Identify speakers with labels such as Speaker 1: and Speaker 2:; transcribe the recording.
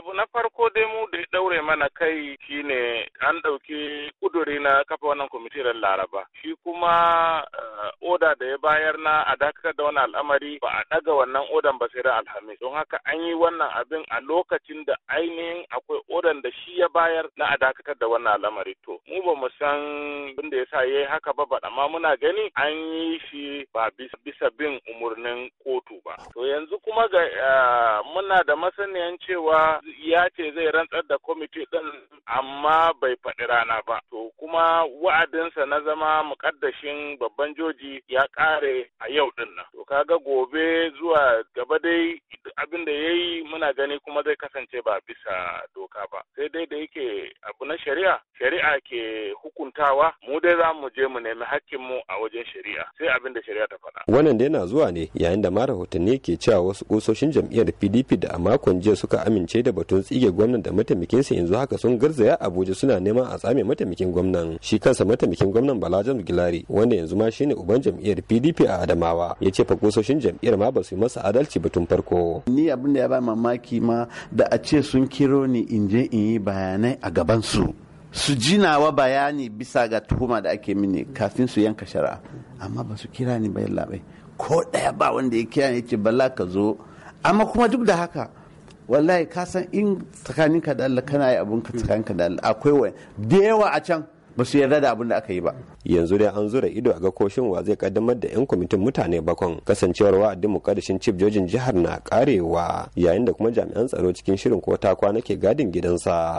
Speaker 1: abu na farko dai mu da ya daure mana kai shine an ɗauki kuduri na kafa wannan kwamitin da laraba shi kuma eh, oda da ya bayar na a dakatar da wani al'amari ba a ɗaga wannan odan ba sai da alhamis don haka an yi wannan abin a lokacin da ainihin akwai odan da shi ya bayar na a dakatar da wannan al'amari to mu ba mu san abin da ya sa ya yi haka ba ba amma muna gani an yi shi ba bisa bin umurnin kotu ba to yanzu kuma ga eh, muna da masaniyan cewa ya ce zai rantsar da kwamiti ɗin amma bai faɗi rana ba. To kuma wa'adinsa na zama muƙaddashin babban joji ya ƙare a yau ɗin nan. To kaga gobe zuwa gaba dai abin da ya yi muna gani kuma zai kasance ba bisa doka ba sai dai da yake abu na shari'a shari'a ke hukuntawa mu dai za mu je mu nemi mu a wajen shari'a sai abin da shari'a ta faɗa.
Speaker 2: wannan dai na zuwa ne yayin da ma rahotanni ke cewa wasu kusoshin jam'iyyar pdp da a makon jiya suka amince da batun tsige gwamnan da mataimakinsa yanzu haka sun garzaya abuja suna neman a tsame mataimakin gwamnan shi kansa mataimakin gwamnan bala james gilari wanda yanzu ma shine uban jam'iyyar pdp a adamawa ya ce fa
Speaker 3: kusoshin jam'iyyar ma ba su yi masa adalci batun farko. ni abin da ya ba mamaki ma da a ce sun kiro ni in je in yi bayanai a gaban su su jinawa bayani bisa ga tuhuma da ake mini kafin su yanka shara. amma ba su kira ni bayan labai ko daya ba wanda ya kira ni ce bala ka zo amma kuma duk da haka wallahi ka san in tsakaninka da Allah kana yi abun ka tsakaninka da Allah akwai wani da yawa a can ba su yarda da abin da aka yi ba yanzu dai an zura ido a ga koshin wa zai kaddamar da yan kwamitin mutane bakon
Speaker 2: kasancewar wa'adin mukaddashin cif jojin jihar na karewa yayin da kuma jami'an tsaro cikin shirin ko ta kwana ke gadin gidansa